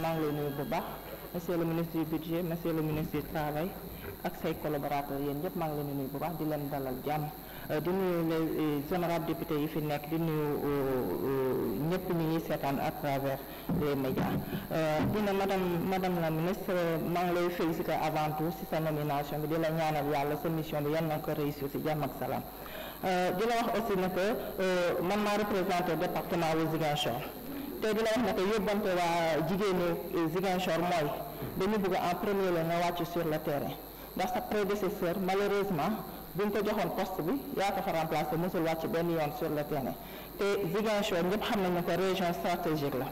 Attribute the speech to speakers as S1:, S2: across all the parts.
S1: maa ngi lay bu baax monsieur le ministre du budget monsieur le ministre du travail ak say collaborateurs yéen ñëpp maa ngi leen bu baax di leen dalal jàmm euh, di nuyu les honorables députés yi fi nekk di nuyu euh, ñëpp ñi ñuy seetaan à travers les médias euh, dina madame madame la ministre maa ngi lay féliciter avant tout ci sa nomination bi di la ñaanal yàlla sa mission bi yal na ko réussir ci jàmm ak salaam di la wax aussi ne que man maa représenté département Ziguinchor te di la wax ne que yóbbante waa jigéenu Ziguinchor mooy dañu bëgg en premier lieu nga wàcc sur le terrain ndax sa prédécesseur malheureusement bu ñu ko joxoon poste bi yaa ko fa remplacé mosul wàcc benn yoon sur le terrain te Ziguinchor ñëpp xam nañu ko région stratégique la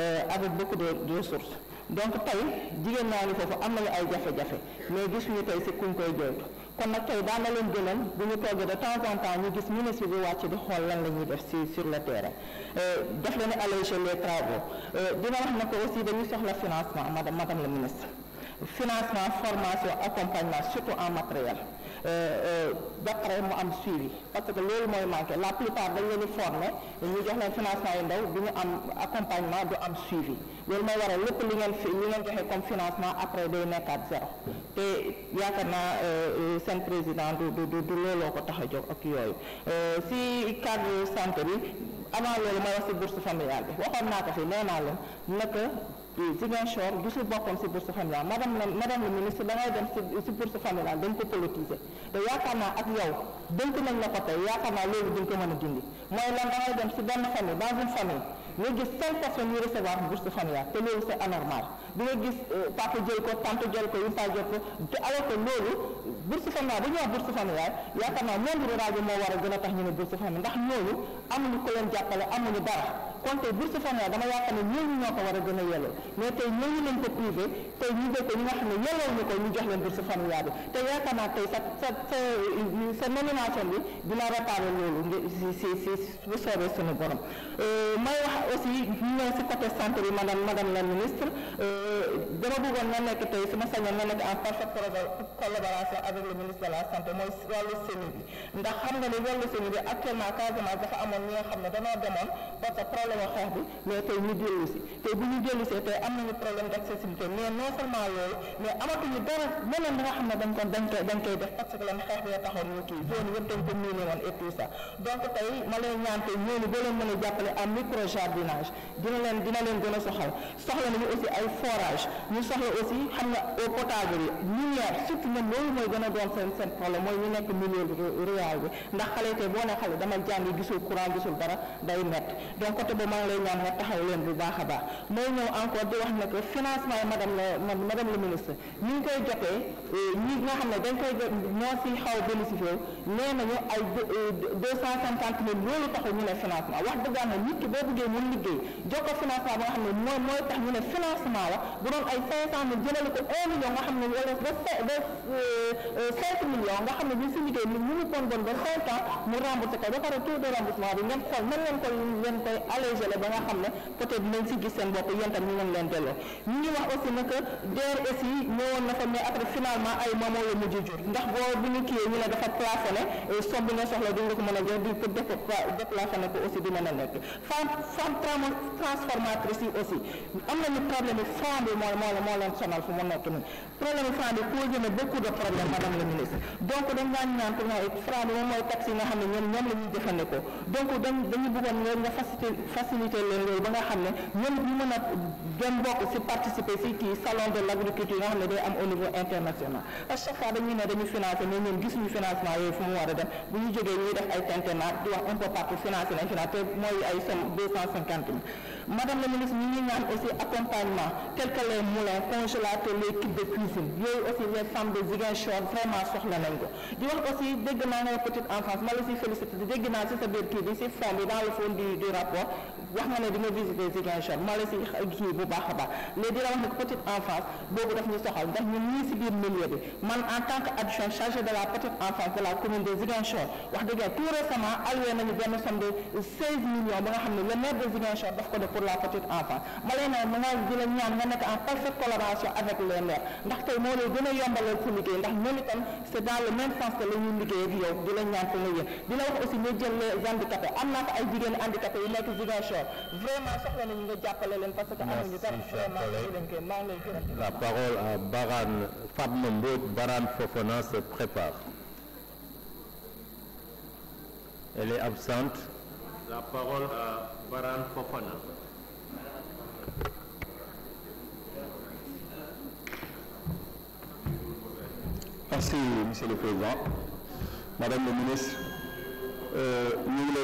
S1: euh, avec beaucoup de ressources donc tey jigéen naa ngi foofu am nañu ay jafe-jafe mais gis ñu tey si kuñ koy jooytu kon nag tey daan leen gënal bu ñu toogee de temps en temps ñu gis ministre bi wàcc di xool lan la ñuy def si sur le terrain euh, daf leen alléger les travaux euh, dina wax na ko aussi dañuy soxla financement madame madame la ministre financement formation accompagnement surtout en matériel euh, euh, ba mu am suivi parce que loolu mooy manqué la plupart dañ leen di former ñu jox leen financement yu ndaw du ñu am accompagnement du am suivi loolu mooy waral lépp li ngeen fi li ngeen joxe comme financement après day nekkaat zéro te yaakaar naa euh, seen président du du du looloo ko tax a jóg ak yooyu si cadre santé bi avant loolu mooy wax si bourse familiale bi waxoon naa ko fi nee naa leen Ziguinchor gisul boppam si bourse familiale madame la madame la ministre da ngay dem si si bourse familiale dañ ko politiser te yaakaar naa ak yow dénk nañ la ko tey yaakaar loolu duñ ko mën a dindi mooy lan da ngay dem si benn famille dans une yu recevoir bourse familiale te loolu sa anormal di nga gis euh, papa jël ko tante jël ko yumpa jël ko te alors que loolu bourse familiale bu ñu wax bourse familiale yaakaar naa moo war a gën a tax ñu ne bourse familiale ndax ñooñu amuñu ko leen jàppale conseil boursifonnière dama yaakaar ne ñooñu ñoo ko war a gën a yelloo mais tey ñooñu lañ ko privé tay ñu dé ko ñu nga xam ne yelloo ñu ko ñu jox leen boursifonnière bi te yaaka na tay sa sa sa sa nomination bi dina réparé lolu ci ci ci bu soobé suñu borom euh may wax aussi ñu ñëw si côté santé bi madame madame la ministre euh dama bëggoon na nek tay suma ma na nek en parfaite collaboration avec le ministre de la santé moy walu seni bi ndax xam nga ne walu seni bi actuellement Casamance dafa amone ñi xamné dama demone parce que problème solo xeex d' accessibilité mais ma lay ñaan tey ñooñu boo leen mën a jàppale am micro jardinage dina leen gën a soxal soxla nañu aussi ay forage ñu soxla aussi xam nga eau potable yi lumière surtout ñoom loolu mooy gën a doon seen seen problème mooy ñu nekk milieu rural bi ndax xale tey boo ne xale dama jàng gisul courant gisul dara day métti donc côté maa ngi lay nga leen bu baax a baax mooy ñëw encore di wax ne que financement yi madame la le ministre ñu ngi koy jotee euh, ñi nga xam ne dañ koy jot ñoo si xaw bénéficié nee nañu ay deux euh, cent cinquante mille liggéey jox ko financement ba nga xam ne mooy mooy tax ñu ne financement la bu doon ay cinq cent mille jëlale ko un million nga xam ne wala ba euh, cinq millions nga xam ne ñu si liggéey ñu ngi bon bon ko ba pare taux de remboursement allégé la ba nga xam ne peut être nañ si gis seen bopp yéen ñu ngi leen delloo ñu ngi wax aussi ne que DRS yi ñëwoon na fa mais après finalement ay moomoo la mujj jur ndax boo bu ñu kiiyee ñu ne dafa plafonné euh, somme bi nga soxla du nga ko mën a jox a nekk femme femme transformatrice bi moom mooy taxi yi nga xam ne ñoom ñoom la ñuy jëfandikoo dañu bëggoon nga nga facilité faciliter leen loolu ba nga xam ne ñoom ñu mën a gën bokk si participer si kii salon de l' agriculture nga xam ne day am au niveau international parce chaque fois dañuy ne dañu financé mais a ñu jógee ñuy def aussi accompagnement tel que les moulins congélateurs les de cuisine yooyu aussi les femmes de Ziguinchor vraiment soxla nañ ko di wax aussi dégg naa nga petite enfance ma la si félicité dégg naa si sa biir bi si fond bi dans le fond du rapport wax nga ne di nga visiter Ziguinchor ma la si kii bu baax a baax léegi di la wax ne petite enfance boobu daf ñu soxal ndax ñun ñii si biir milieu bi man en tant que adjoint chargé de la petite enfance de la commune de Ziguinchor wax dëgg yàlla tout récemment alloué nañu benn somme de 16 millions ba nga xam ne le maire de Ziguinchor daf ko def pour la petite enfance ma lay ne ma nga di la ñaan nga nekk en parfaite collaboration avec les maires ndax tey moo lay gën a yombalal sa liggéey ndax ñoom itam c' est dans le même sens que la ñuy liggéey ak yow di la ñaan fa nga yëg di la wax aussi nga jël les handicapés am naa ko ay jigéen handicapés yu nekk Ziguinchor Ziguinchor vraiment soxla nañu nga jàppale leen parce que amuñu dara vraiment ñu leen koy maa lay gërëm la parole à Baran Fatma Mbodj Barane Fofana se prépare elle est absente la parole à Barane Fofana Merci, Monsieur le Président. Madame la Ministre, euh, nous